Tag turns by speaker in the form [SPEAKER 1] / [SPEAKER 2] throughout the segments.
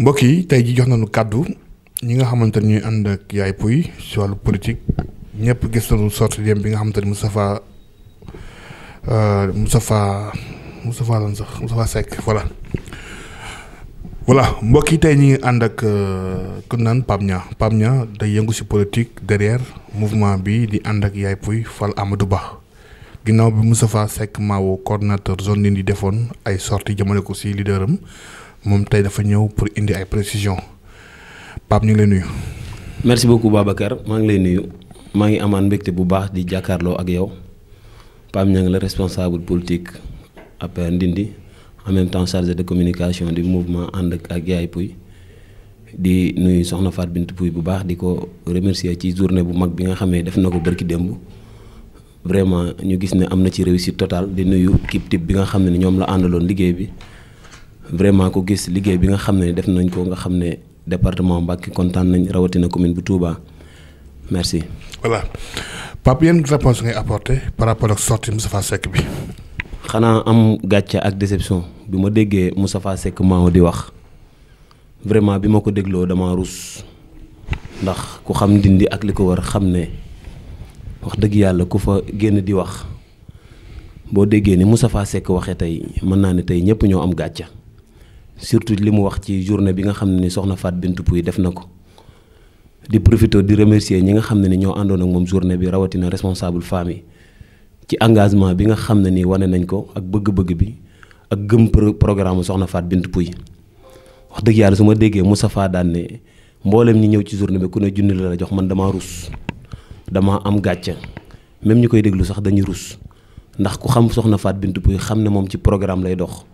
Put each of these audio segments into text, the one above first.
[SPEAKER 1] mbokk yi tey ji jox nañu kàddu ñi nga xamante ni ñuy ànd ak yaay puy si wàllu politique ñëpp gis nañu sorti dem bi nga xamante ni Moustapha euh, Moustapha Moustapha lan sax Moustapha Seck voilà voilà mbokk yi tey ñu ngi ànd ak euh, kën naan Pape ñaa Pape Niang day yëngu si politique derrière mouvement bi di ànd ak yaay puy fal Amadou Ba ginnaaw bi Moustapha Seck Mawo coordonnateur zone yi di defoon ay sorti jëmale ko si leaderam moom tey dafa ñëw pour indi ay précision Pape ñu ngi nuyu.
[SPEAKER 2] merci beaucoup Babacar maa ngi lay nuyu maa ngi amaan mbégte bu baax di jàkkaarloo ak yow Pape ngi la responsable politique APR Ndindi en même temps chargé de communication du mouvement ànd ak yaay puy di nuyu soxna Faat Bint Puy bu baax di ko remercier ci journée bu mag bi nga xamee def na ko bërki démb vraiment ñu gis ne am na ci réussit total di nuyu équipe type bi nga xam ne ñoom la àndaloon liggéey bi. vraiment ko gis liggéey bi nga xam ne def nañ ko nga xam ne département Mbacké kontaan nañ rawatina commune bu Touba merci.
[SPEAKER 1] voilà Pape yan réponse ngay apporté par rapport ak sortie Moustapha Seck bi.
[SPEAKER 2] xanaa am gàcce ak déception bi ma déggee Moustapha Seck Mao di wax vraiment bi ma ko dégloo dama rus ndax ku xam ndindi ak li ko war xam ne wax dëgg yàlla ku fa génn di wax boo déggee ni Moustapha Seck waxee tey mën naa ne tey ñëpp ñoo am gàcce. surtout li mu wax ci journée bi nga xam ne ni soxna Faat Bintou Pouye def na ko di profité di remercier ñi nga xam ne ni ñoo àndoon ak moom journée bi rawatina responsable femme ci engagement bi nga xam ne ni wane nañ ko ak bëgg-bëgg bi ak gëm programme soxna Faat Bintou Pouye wax dëgg yàlla su ma déggee Moustapha daan ne mboolem ñi ñëw ci journée bi ku ne junni la la jox man damaa rus dama am gàcce même ñu koy déglu sax dañuy rus ndax ku xam soxna Faat Bintou Pouye xam ne moom ci programme lay dox.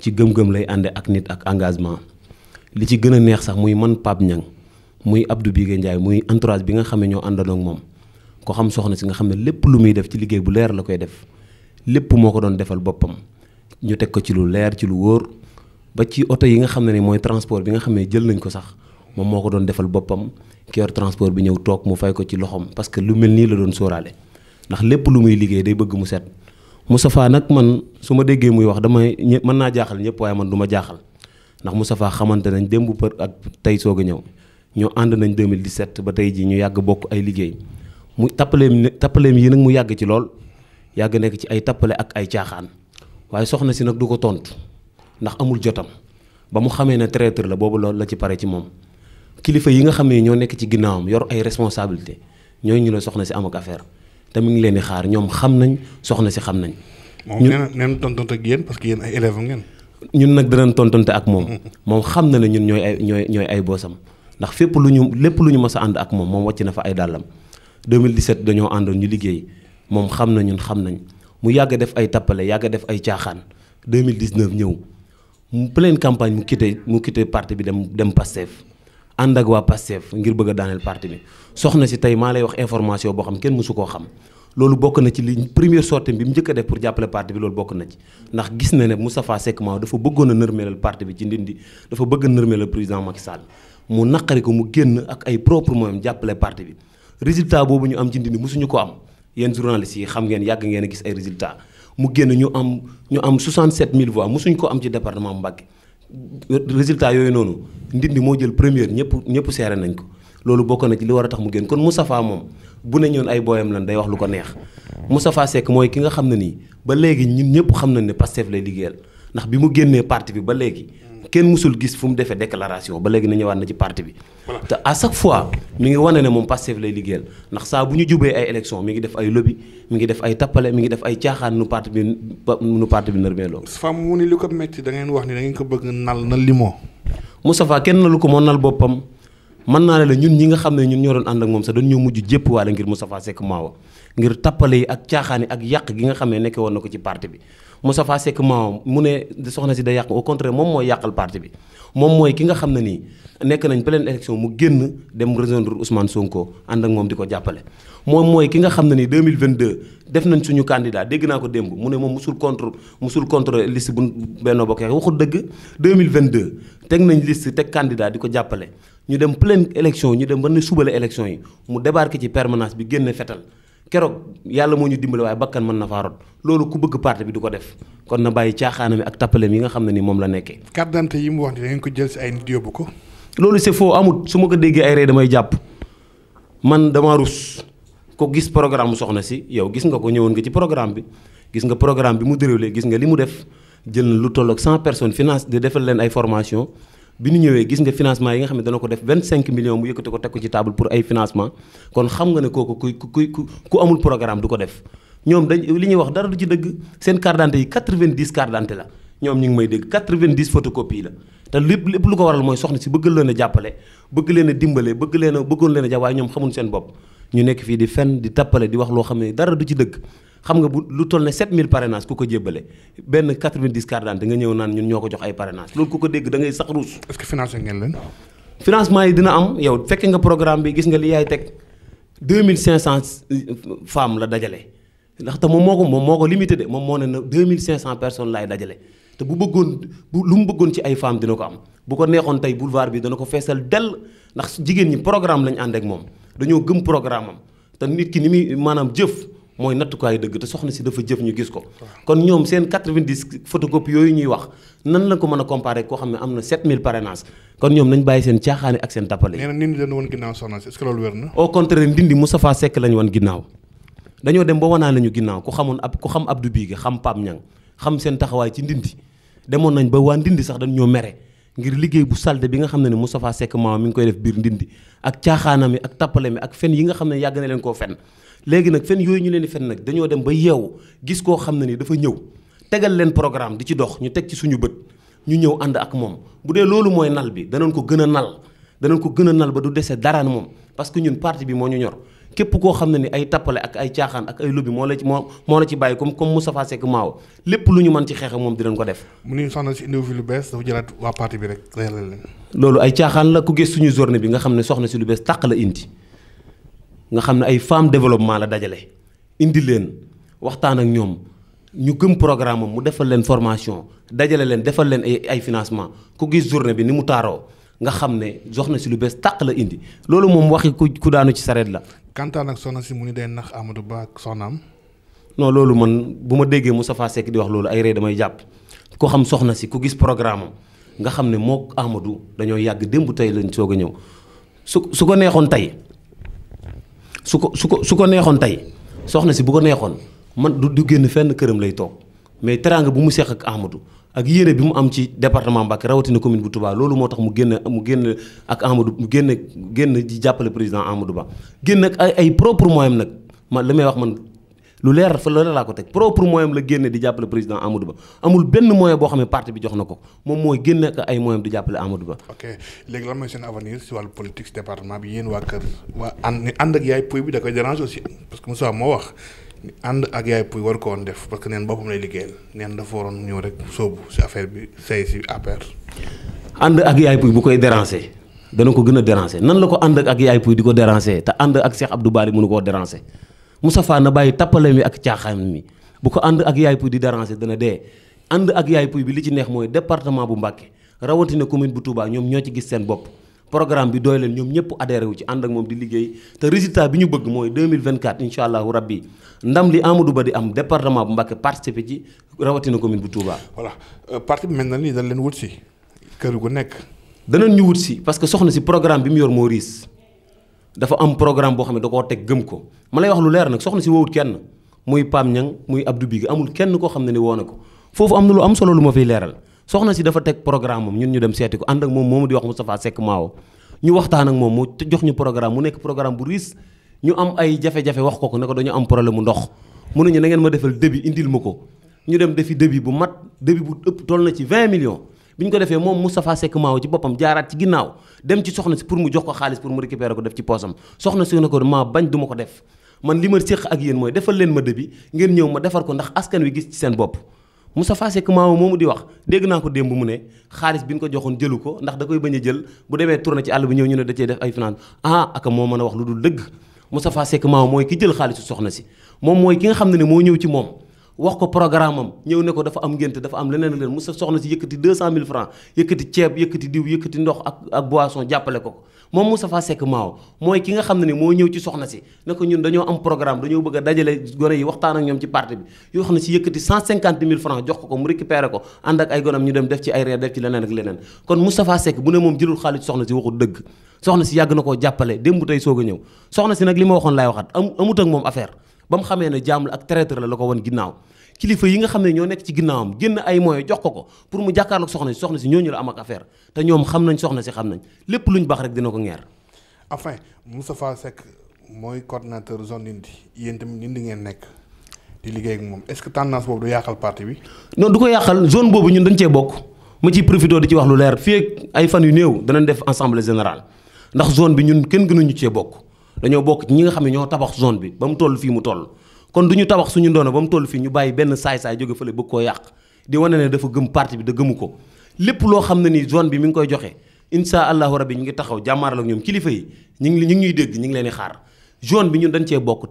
[SPEAKER 2] ci gëm-gëm lay ànde ak nit ak engagement li ci gën a neex sax muy man Pape Niang muy abdu Bigué Ndiaye muy entourage bi nga xam ne ñoo àndandoo moom ko xam soxna si nga xam ne lépp lu muy def ci liggéey bu leer la koy def lépp moo ko doon defal boppam ñu teg ko ci lu leer ci lu wóor ba ci oto yi nga xam ne ni mooy transport bi nga xam ne jël nañ ko sax moom moo ko doon defal boppam ki yor transport bi ñëw toog mu fay ko ci loxoom parce que lu mel nii la doon sóoraale ndax lépp lu muy liggéey day bëgg mu set Moustapha nag man su ma déggee muy wax damay mën naa jaaxal ñëpp waaye man du ma jaaxal ndax Moustapha xamante nañ démb për ak tey soog a ñëw ñoo ànd nañ 2017 ba tey ji ñu yàgg bokk ay liggéey mu tappaleem tappaleem yi nag mu yàgg ci lool yàgg nekk ci ay tappale ak ay caaxaan waaye soxna si nag du ko tontu ndax amul jotam ba mu xamee ne traiteur la boobu loolu la ci pare ci moom kilifa yi nga xam ne ñoo nekk ci ginnaawam yor ay responsabilité ñooy ñu ne soxna si am affaire te mi ngi leen di xaar ñoom xam nañ soxna si xam nañ. moom nee na tontonte ak parce que yéen ay élèves ngeen. ñun nag danañ tontonte ak moom. moom xam na ne ñun ñooy ay ñooy ñooy ay boosam ndax fépp lu ñu lépp lu ñu mës a ànd ak moom moom wàcc na fa ay dàllam mille 2017 dañoo àndoon ñu liggéey moom xam na ñun xam nañ mu yàgg def ay tappale yàgg def ay caaxaan deux mille 2019 ñëw mu pleine campagne mu quitté mu quitté parti bi dem dem Pastef ànd ak waa Pastef ngir bëgg a daaneel parti bi soxna si tey maa lay wax information boo xam kenn mësu koo xam loolu bokk na ci li première sortie bi mu njëkk a def pour jàppale parti bi loolu bokk na ci ndax gis na ne Moustapha Seck Maw dafa bëggoon a nërmeelal parti bi ci ndindi dafa bëgg a nërmeelal président Macky Sall mu naqari ko mu génn ak ay propre moyens jàppale parti bi résultat boobu ñu am ci ndindi mësuñu ko am yéen journalistes yi xam ngeen yàgg ngeen gis ay mu génn ñu am ñu am 67000 voix mësuñu ko am ci département Mbacké résultat yooyu noonu Ndindi moo jël première ñëpp ñëpp seere nañ ko loolu bokk na ci li war a tax mu génn kon mu safaa moom bu ne ñoon ay booyam lan day wax lu ko neex Moustapha Seck mooy ki nga xam ne nii ba léegi ñun ñëpp xam nañ ne Pastef lay liggéeyal ndax bi mu génnee parti bi ba léegi kenn musul gis fu mu defee déclaration ba léegi na ñëwaat na ci parti bi. te à chaque fois mu ngi wane ne moom Pastef lay liggéeyal ndax saa bu ñu jubee ay élection mi ngi def ay lobby mi ngi def ay tappale mi ngi def ay caaxaan nu parti bi nu parti bi nërmeeloo.
[SPEAKER 1] femme mu ni li ko métti da ngeen wax ni da ngeen ko bëgg nal na limoo.
[SPEAKER 2] Moustapha kenn na lu ko moo nal boppam. mën naa ne la ñun ñi nga xam ne ñun ñoo doon ànd ak moom sax dañ ñoo mujj jépp waale ngir Moustapha Seck Mawa ngir tappale yi ak caaxaan yi ak yàq gi nga xam ne nekke woon na ko ci parti bi Moustapha Seck Mawa mu ne soxna si da yàq au contraire moom mooy yàqal parti bi moom mooy ki nga xam ne nii nekk nañ pleine élection mu génn dem rejoindre Ousmane Sonko ànd ak moom di ko jàppale moom mooy ki nga xam ne nii 2022 def nañ suñu candidat dégg naa ko démb mu ne moom musul contre musul contre liste bu Benno Bokk Yaakaar waxul dëgg 2022 teg nañ liste teg di ko jàppale ñu dem pleine élection ñu dem ba ne subale élection yi mu débarqué ci permanence bi génne fetal keroog yàlla moo ñu dimbale waaye bakkan mën na faa rot loolu ku bëgg parti bi du ko def kon na bàyyi caaxaanam ak tappaleem yi nga xam ne ni moom la nekkee.
[SPEAKER 1] carte yi mu wax ni da ko jël si ay nit yóbbu ko. loolu c'est foo amut
[SPEAKER 2] su ma ko déggee ay rey damay jàpp man dama rus ko gis programme soxna si yow gis nga ko ñëwoon nga ci programme bi gis nga programme bi mu déroulé gis nga li mu def jël lu tolloog cent personnes finance de defal leen ay formation bi ñu ñëwee gis nga financement yi nga xam ne dana ko def vingt cinq millions mu yëkkati ko teg ko ci table pour ay financement kon xam nga ne kooku ku ku ku ku amul programme du ko def ñoom dañ li ñuy wax dara du ci dëgg seen carte d'identité yi quatre-vingt-dix carte la ñoom ñu ngi may dégg quatre-vingt-dix photocopie la te lépp lépp lu ko waral mooy soxna si bëgg leen jàppale bëgg leen dimbale bëgg leen a bëggoon leen a jàpp waaye ñoom xamul seen bopp ñu nekk fii di di tappale di wax loo xam ne dara du ci dëgg xam nga bu lu toll ne mille parrainage ku ko jébbale benn 90 carte d'identité nga ñëw naan ñun ñoo ko jox ay parrainage loolu ku ko dégg da ngay sax ruus. est-ce que ngeen leen. financement yi dina am yow fekke nga programme bi gis nga li yaay teg cent femmes la dajale ndaxte moom moo ko moom moo ko limité de moom moo ne na cent personnes laay dajale te bu bëggoon bu lu mu bëggoon ci ay femmes dina ko am bu ko neexoon tey boulevard bi dana ko feesal dell ndax jigéen ñi programme lañ ànd moom dañoo gëm programme am te nit ki ni muy maanaam jëf. mooy nattukaayu dëgg te soxna si dafa jëf ñu gis ko kon ñoom seen 90 photocopie yooyu ñuy wax nan la ko mën a comparer koo xam ne am na 7000 parrainage kon ñoom nañ bàyyi seen caaxaani ak seen tappale nee
[SPEAKER 1] na ndindi dañu woon ginnaaw soxna
[SPEAKER 2] si ginnaaw dañoo dem ba wanaa la ginnaaw ku xamoon ab ku xam Abdou Bigue xam Pape Niang xam seen taxawaay ci ndindi demoon nañ ba waa ndindi sax dañ mere ngir liggéey bu salde bi nga xam ne ne Moustapha Seck maam mi ngi koy def biir ndindi ak caaxaanam mi ak tappale mi ak fen yi nga xam ne yàgg na leen koo fen léegi nag fen yooyu ñu leen di fen nag dañoo dem ba yeewu gis koo xam ne ni dafa ñëw tegal leen programme di ci dox ñu teg ci suñu bët ñu ñëw ànd ak moom bu dee loolu mooy nal bi danañ ko gën a nal danañ ko gën a nal ba du dese daraan moom parce que ñun parti bi moo ñu ñor képp koo xam ne ni ay tappale ak ay caaxaan ak ay lobby moo la ci moo moo la ci bàyyi comme comme Moustapha Seck Mao lépp lu ñu mën ci xeex moom dinañ ko def.
[SPEAKER 1] mu ne soxna si indiwu fi lu bees dafa waa parti bi rek reyalal loolu
[SPEAKER 2] ay caaxaan la ku gis suñu journée bi nga xam ne soxna si lu bees tàq la indi nga xam ne ay femme développement la dajale indi leen waxtaan ak ñoom. ñu gëm programme am mu defal leen formation dajale leen defal leen ay ay financement ku gis journée bi ni mu taaroo nga xam ne jox na si lu bees tàq la indi loolu moom waxi ku ku daanu ci sareet la.
[SPEAKER 1] Kantaan ak soxna si mu ni day nax Amadou Ba ak soxnaam.
[SPEAKER 2] non loolu man bu ma déggee mu Moustapha Seck di wax loolu ay rey damay jàpp ko xam soxna si ku gis programme am nga xam ne mook Amadou dañoo yàgg démb tey lañ soog a ñëw su su ko neexoon tey su ko su ko su ko neexoon tey soxna si bu ko neexoon man du du génn fenn këram lay toog mais teraanga bu mu seq ak amatu ak yéene bi mu am ci département Mbacké rawatina commune bu Touba loolu moo tax mu génn mu génn ak Amadou mu génn génn di jàppale président Amadou Ba génn ak ay ay propre moyen nag man may wax man lu leer fa loolu laa ko teg propre moyen la génne di jàppale président Amadou Ba amul benn moyen boo xam ne parti bi jox na ko moom mooy génne ak ay moyen di jàppale Amadou Ba.
[SPEAKER 1] ok léegi lan mooy seen avenir si wàllu politique département bi yéen waa kër waa ànd ànd ak yaay puy bi da koy dérange aussi parce que Moussa moo wax. ànd ak yaay puy war ko woon def parce que neen boppam lay liggéeyal neen dafa waroon ñëw rek sóobu si affaire bi say si affaire. ànd ak yaay puy bu koy
[SPEAKER 2] déranger dana ko gën a déranger nan la ko ànd ak yaay puy di ko déranger te ànd ak ab du Bari mënu koo déranger Moustapha na bàyyi tappale mi ak caaxaan mi bu ko ànd ak yaay puy di déranger dana dee ànd ak yaay puy bi li ci neex mooy département bu Mbacké rawatina commune bu Touba ñoom ñoo ci gis seen bopp. programme bi doy leen ñoom ñëpp adhéré wu ci ànd ak moom di liggéey te résultat bi ñu bëgg mooy 2024 incha allahu rabbi ndam li Amadou Ba di am département bu Mbacké participé ci rawatina commune bu Touba. voilà euh, parti bi mel na ni dañ leen wut si kër gu nekk. danañ ñu wut si parce que soxna si programme bi mu yor moo riis dafa am programme boo xam ne da koo teg gëm ko ma lay wax lu leer nag soxna si woowut kenn muy Pam Ñang muy Abdou du amul kenn koo xam ne ni woo na ko foofu am na am solo lu ma fiy leeral. soxna si dafa teg programme moom ñun ñu dem seeti ko ànd ak moom moomu di wax Moustapha Seck Mao ñu waxtaan ak moom mu jox ñu programme mu nekk programme bu riis ñu am ay jafe-jafe wax ko ko ne dañu am problème mu ndox mu ne ñu ngeen ma defal débit indil ma ko ñu dem defi débit bu mat débit bu ëpp toll na ci 20 millions bi ñu ko defee moom Moustapha Seck Mao ci boppam jaaraat ci ginnaaw dem ci soxna si pour mu jox ko xaalis pour mu récupérer ko def ci poosam soxna si ne ko maa ko def man li ma séq ak yéen mooy defal leen ma débit ngeen ñëw ma defar ko ndax askan wi gis ci seen bopp mu Moustapha Seck maamu moomu di wax dégg naa ko démb mu ne xaalis bi ñu ko joxoon jëlu ko ndax da koy bañ a jël bu demee tourné ci àll bi ñëw ñu ne da cee def ay finance ah aka moo mën a wax lu dul dëgg Moustapha Seck maamu mooy ki jël xaalisu soxna si moom mooy ki nga xam ne ne moo ñëw ci moom wax ko programme am ñëw ne ko dafa am ngénte dafa am leneen leen mu sa soxna si yëkkati 200000 francs yëkkati ceeb yëkkati diw yëkkati ndox ak ak boisson jàppale ko ko moom Moustapha nga xam ne ni moo ñëw ci soxna si ne ko ñun dañoo am programme dañoo bëgg a dajale gone yi waxtaan ak ñoom ci parti si yëkkati 150000 francs jox ko ko mu récupéré ko ànd ak ay gonam ñu dem def ci ay reer def ci leneen ak leneen kon Moustapha Seck bu ne moom jëlul xaalis soxna si waxul dëgg soxna si yàgg na koo jàppale démb tey soog a ñëw soxna si nag li ma waxoon laay waxaat amut ak moom affaire ba mu xamee ne jaam la ak traiteur la la ko wan ginnaaw kilifa yi nga xam ne ñoo nekk ci ginnaawam génn ay moyens jox ko ko pour mu jàkkaarloog soxna si soxna si ñooñu la am ak affaire te ñoom xam nañ soxna si xam nañ lépp luñ baax rek dina ko ngeer
[SPEAKER 1] enfin Moustapha Seck mooy cordinateur zone Ndindy yéen tamit Ndindy ngeen nekk di liggéey ak moom est-ce que tendance boobu du yàqal parti bi. non
[SPEAKER 2] du ko yàqal zone boobu ñun dañ cee bokk mu ci profité di ci wax lu leer fii ay fan yu néew danañ def assemblée générale ndax zone bi ñun kenn gënuñu cee bokk. dañoo bokk ci ñi nga xam ne ñoo tabax zone bi ba mu toll fii mu toll kon du ñu tabax suñu ndono ba mu toll fii ñu bàyyi benn saay-saay jóge fële bëgg koo yàq di wane ne dafa gëm parti bi da ko lépp loo xam ne ni zone bi mi ngi koy joxe incha allahu rabi ñu ngi taxaw jàmmaarloo ñoom kilifa yi ñu ngi ñu ngi ñuy ñu ngi leen di xaar zone bi ñun dañ cee bokk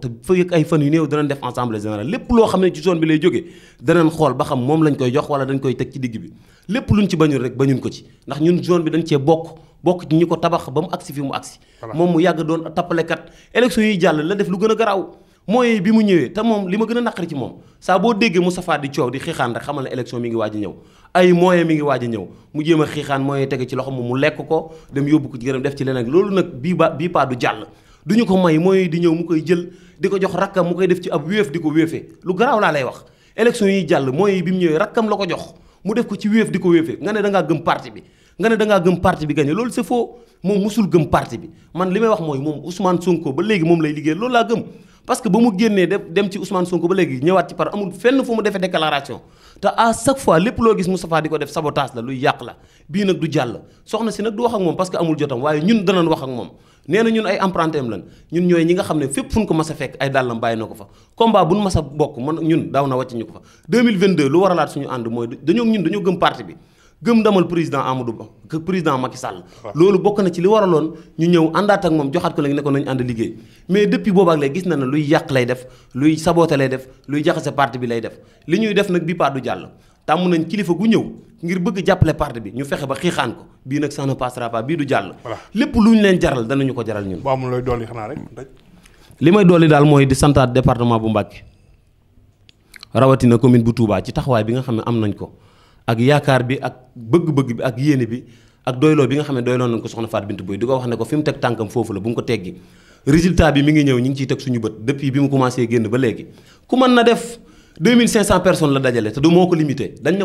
[SPEAKER 2] ay fan yu néew danañ def assemblée générale lépp loo xam ne ci zone bi lay jógee danañ xool ba xam moom lañ koy jox wala dañ koy teg ci digg bi lépp luñ ci bañul rek ba bañun ko ci ndax ñun zone bi dañ cee bokk bokk ci ñi ko tabax ba mu agsi fi mu agsi moom mu yàgg doon tappalekat élection yi jàll la def lu gën a garaaw mooy bi mu ñëwee te moom li ma gën a naqari ci moom saa boo déggee Moustapha di coow di xiixaan rek xamal ne élection mi ngi waaj a ñëw ay moyen mi ngi waaj a ñëw mu jéem a xiixaan moyen tege ci loxo mu lekk ko dem yóbbu ko gërëm def ci leneen loolu bii ba bii paa du jàll du ñu ko may moyen di ñëw mu koy jël di ko jox rakkam mu koy def ci ab wéef di ko wéefee lu garaaw laa lay wax élection yi jàll moyen bi mu ñëwee rakkam la ko jox mu def ko ci wéef di ko wéefee nga ne dangaa ngaa parti bi nga ne da ngaa gëm parti bi gagné loolu c'est faux moom musul gëm parti bi man li may wax mooy moom Ousmane Sonko ba léegi moom lay liggéey loolu laa gëm parce que ba mu génnee dem ci Ousmane Sonko ba léegi ñëwaat ci par amul fenn fu mu defee déclaration fois lépp loo gis Moustapha di ko def sabotage la yàq la bii nag du jàll soxna si nag du wax ak moom parce que amul jotam waaye ñun danañ wax ak moom nee na ñun ay emprunté am lan ñun ñooy ñi nga xam ne fépp fu ko mas a fekk ay dàllam bàyyi na ko fa combat bu ñu mas bokk man ñun daaw na w ñu ko fa 2022 lu waralaat suñu ànd mooy dañoo ñun dañoo bi gëm ndamal président Amadou Ba que président Macky Sall. loolu bokk na ci li waraloon ñu ñëw àndaat ak moom joxaat ko léegi ne ko nañu ànd liggéey. mais depuis boobaak léegi gis na ne luy yàq lay def luy saboté lay def luy jaxase parti bi lay def li ñuy def nag bi pas du jàll. tàmm nañ kilifa gu ñëw ngir bëgg jàppale parti bi ñu fexe ba xiixaan ko bii nag ça ne passera pas bii du jàll. lépp lu ñu leen jaral danañu ko jaral ñun. boo amul looy dolli xanaa rek. li may dolli daal mooy di santaat département bu Mbacké rawatina commune bu Touba ci taxawaay bi nga xam ne am nañ ko ak yaakaar bi ak bëgg-bëgg bi ak yéene bi ak doyloo bi nga xam ne doyloo nañ ko soxna Fatou Bintou Boye di ko wax ne ko fi mu teg tànkam foofu la bu mu ko teggi résultat bi mi ngi ñëw ñu ngi ciy teg suñu bët depuis bi mu commencé génn ba léegi ku mën na def 2500 personnes la dajale ñi dañ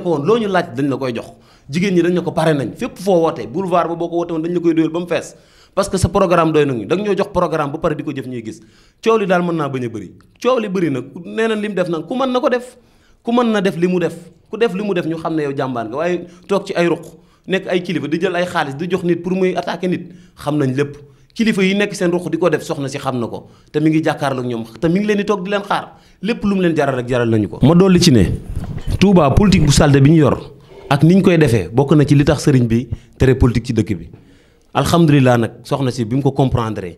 [SPEAKER 2] ne ko pare nañ fépp foo wootee boulevard ba boo ko woote woon dañ la koy doyal ba mu fees parce que sa programme doy nañu da ñoo jox programme ba pare di ko jëf ñuy gis coow li a bëri coow li na lim na ko def ku mën na def li mu def ku def li mu def ñu xam ne yow jàmbaar nga waaye toog ci ay ruq nekk ay kilifa di jël ay xaalis di jox nit pour muy attaquer nit xam nañ lépp kilifa yi nekk seen ruq di ko def soxna si xam na ko te mi ngi jàkkaar jàkkaarloog ñoom te mi ngi leen di toog di lépp lu leen jaral jaral nañu ko. ma dolli ci ne Touba politique bu salte bi ñu yor ak ni ñu koy defee bokk na ci li tax sëriñ bi tere politique ci dëkk bi alhamdulilah nag soxna si bi mu ko comprendre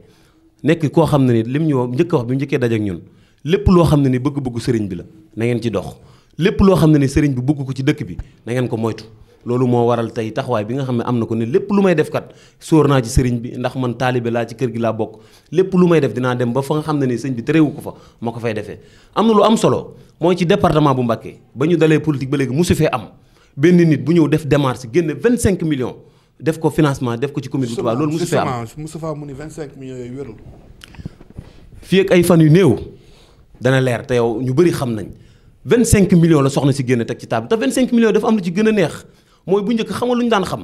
[SPEAKER 2] nekk koo xam ne li mu ñu njëkk wax bi njëkkee daje ñun lépp loo xam ne ni bëgg-bëggu bi la na ngeen ci dox. lépp loo xam ne ne sëriñ bi bugg ko ci dëkk bi na ko moytu loolu moo waral tey taxawaay bi nga xam ne am na ko ne lépp lu may def kat sóor naa ci sëriñ bi ndax man taalibe laa ci kër gi laa bokk lépp lu may def dinaa dem ba fa nga xam ne ni sëñ bi terewu ko fa moo ko fay defee am na lu am solo mooy ci département bu Mbacké ba ñu dalee politique ba léegi musu fee am benn nit bu ñëw def démarche génne cinq millions def ko financement def ko ci commune bu loolu musu fee am
[SPEAKER 1] mu ni 25 millions yooyu wérul
[SPEAKER 2] fii ay fan yu néew dana leer te yow ñu bëri xam nañ cinq millions la soxna si génn teg ci table te 25 millions dafa am lu ci gën a neex mooy bu njëkk xam nga lu ñu daan xam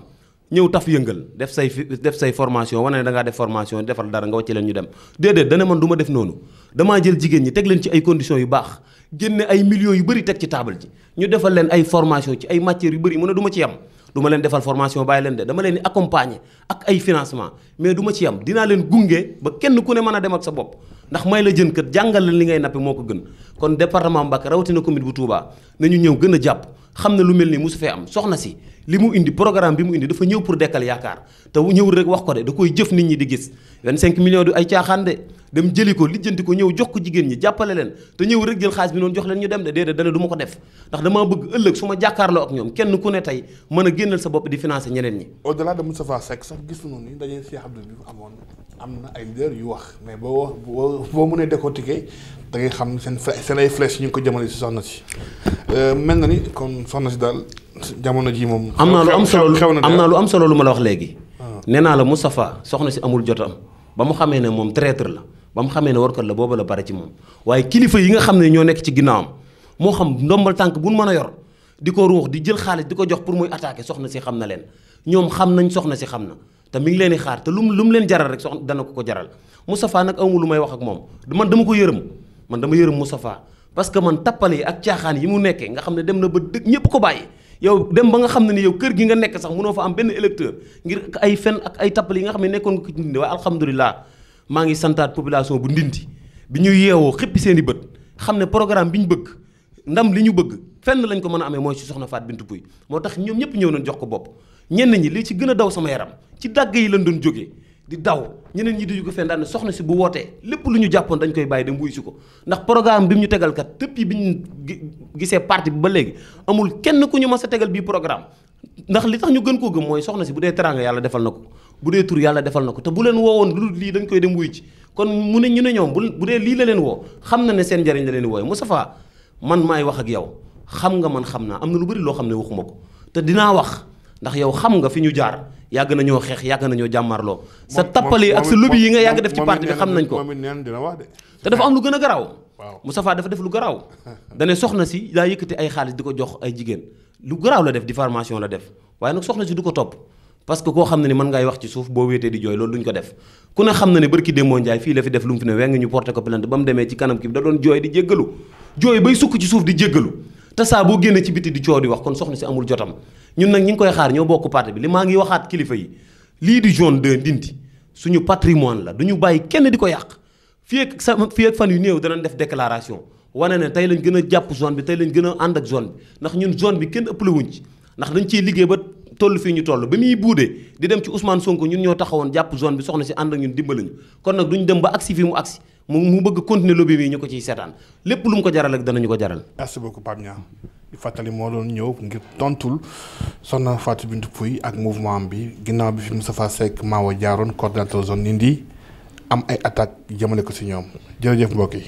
[SPEAKER 2] ñëw taf yëngal def say def say formation wane ne dangaa def formation defal dara nga wàcce leen ñu dem déedéet dana man du ma def noonu damaa jël jigéen ñi teg leen ci ay condition yu baax génne ay millions yu bëri teg ci table ji ñu defal leen ay formation ci ay matières yu bëri mu ne duma ma ci yem du leen defal formation bàyyi leen de dama leen ay financement mais du ma ci dinaa leen gunge ba kenn ku ne mën a dem ak sa bopp ndax may la jën kat li ngay nappi moo ko gën kon département Mbacké rawatina commune bu na ñu ñëw gën a jàpp xam ne lu mel ni mosu fee am soxna si li mu indi programme bi mu indi dafa ñëw pour dekkal yaakaar te ñëwul rek wax ko de da koy jëf nit ñi di gis 25 millions du ay caaxaan de dem jëli ko lijjanti ko ñëw jox ko jigéen ñi jàppale leen te ñëw rek jël bi noonu jox leen ñu dem de déedéet dana du ma ko def ndax damaa bëgg ëllëg su ma jàkkaarloo ak ñoom kenn ku ne tey mën a génnal sa bopp di ñeneen ni
[SPEAKER 1] dañuy Cheikh Abdou Diouf amoon am na ay leader yu wax mais boo boo boo mënee décortiquer da xam seen seen ay flèches ko jëmale si soxna si euh, mel na ni kon soxna si daal jamono ji moom. am naa lu am solo am naa lu
[SPEAKER 2] am solo lu ma la wax léegi. Ah. nee naa la Moustapha soxna si amul jotam ba mu xamee ne moom traître la ba mu xamee ne warkat la booba la bare ci moom waaye kilifa yi nga xam ne ñoo nekk ci am moo xam ndombal tànk bu nu mën a yor di ko ruux di jël xaalis di ko jox pour muy attaquer soxna si xam na leen ñoom xam nañ soxna si xam na te mi ngi leen di xaar te lu mu lu mu leen jaral rek soxna dana ko ko jaral Moustapha nag amu lu may wax ak moom man dama ko yërëm man dama yërëm Moustapha parce que man tappale ak caaxaan yi mu nekkee nga xam ne dem na ba dëgg ñëpp ko bàyyi yow dem ba nga xam ne ni yow kër gi nga nekk sax mënoo fa am benn électeur ngir ay fen ak ay tappale yi nga xam ne nekkoon ko ci ndindi waaye alhamdulilah maa ngi santaat population bu ndindi bi ñu yeewoo xippi seen i bët xam ne programme bi ñu bëgg ndam li ñu bëgg fenn lañ ko mën a amee mooy si soxna Faat Bintou Pouye moo tax ñoom ñëpp ñëw nañ jox ko bopp ñenn ñi li ci gën a daw sama yaram ci dàgg yi lañ doon jógee di daw ñeneen ñi di ko fenn ne soxna si bu wootee lépp lu ñu jàppoon dañ koy bàyyi dem wuy si ko ndax programme bi mu ñu tegal kat depuis bi ñu gisee parti bi ba léegi amul kenn ku ñu mës a tegal bii programme ndax li tax ñu gën koo gëm mooy soxna si bu dee teraanga yàlla defal na ko bu dee tur yàlla defal na ko te bu leen woowoon lu dul lii dañ koy dem wuy ci kon mu ne ñu ne ñoom bu dee lii la leen woo xam na ne seen njëriñ la leen wooye Moustapha man maay wax ak yow xam nga man xam naa am na lu bëri loo xam ne waxuma ko te dinaa wax ndax yow xam nga fi ñu jaar yàgg nañoo xeex yàgg nañoo jàmmarloo sa tappale ak sa lobby yi nga yàgg def ci parti bi xam nañ ko te dafa am lu gën a garaaw Moustapha dafa def lu garaaw dane soxna si daa yëkkati ay xaalis di ko jox ay jigéen lu garaaw la def diffamation la def waaye nag soxna si du ko topp parce que koo xam ne ni mën ngay wax ci suuf boo wéetee di jooy loolu duñ ko def ku ne xam ne barki démboo fii la fi def lu mu fi ne weng ñu porté ko plainte ba mu demee ci kanam kii da doon jooy di jéggalu jooy saa boo génnee ci biti di coow di wax kon soxna si amul jotam ñun nag ñi ngi koy xaar ñoo bokk parti bi li maa ngi waxaat kilifa yi lii di zone 2 Ndindy suñu patrimoine la du ñu bàyyi kenn di ko yàq fii ak sa fii ak fan yu néew danañ def déclaration wane ne tey lañ gën a jàpp zone bi tey lañ gën a ànd ak zone ndax ñun zone bi kenn ëppale wuñ ndax dañ ciy liggéey ba toll fii ñu toll ba muy buudee di dem ci Ousmane Sonko ñun ñoo taxawoon jàpp zone bi soxna si ànd ak ñun dimbali ñu kon nag duñ dem ba agsi fii mu agsi mu mu bëgg continuer lobby bi ñu ko ciy seetaan
[SPEAKER 1] lépp lu mu ko jaral ak danañu ko jaral. merci beaucoup Pape am fàttali moo doon ñëw ngir tontul soxna Fatou Bintou Pouye ak mouvement bi ginnaaw bi fi Moustapha Seck Mawa jaaroon coordonnateur zone Nindi am ay attaques jëmale ko si ñoom jërëjëf mbokk yi.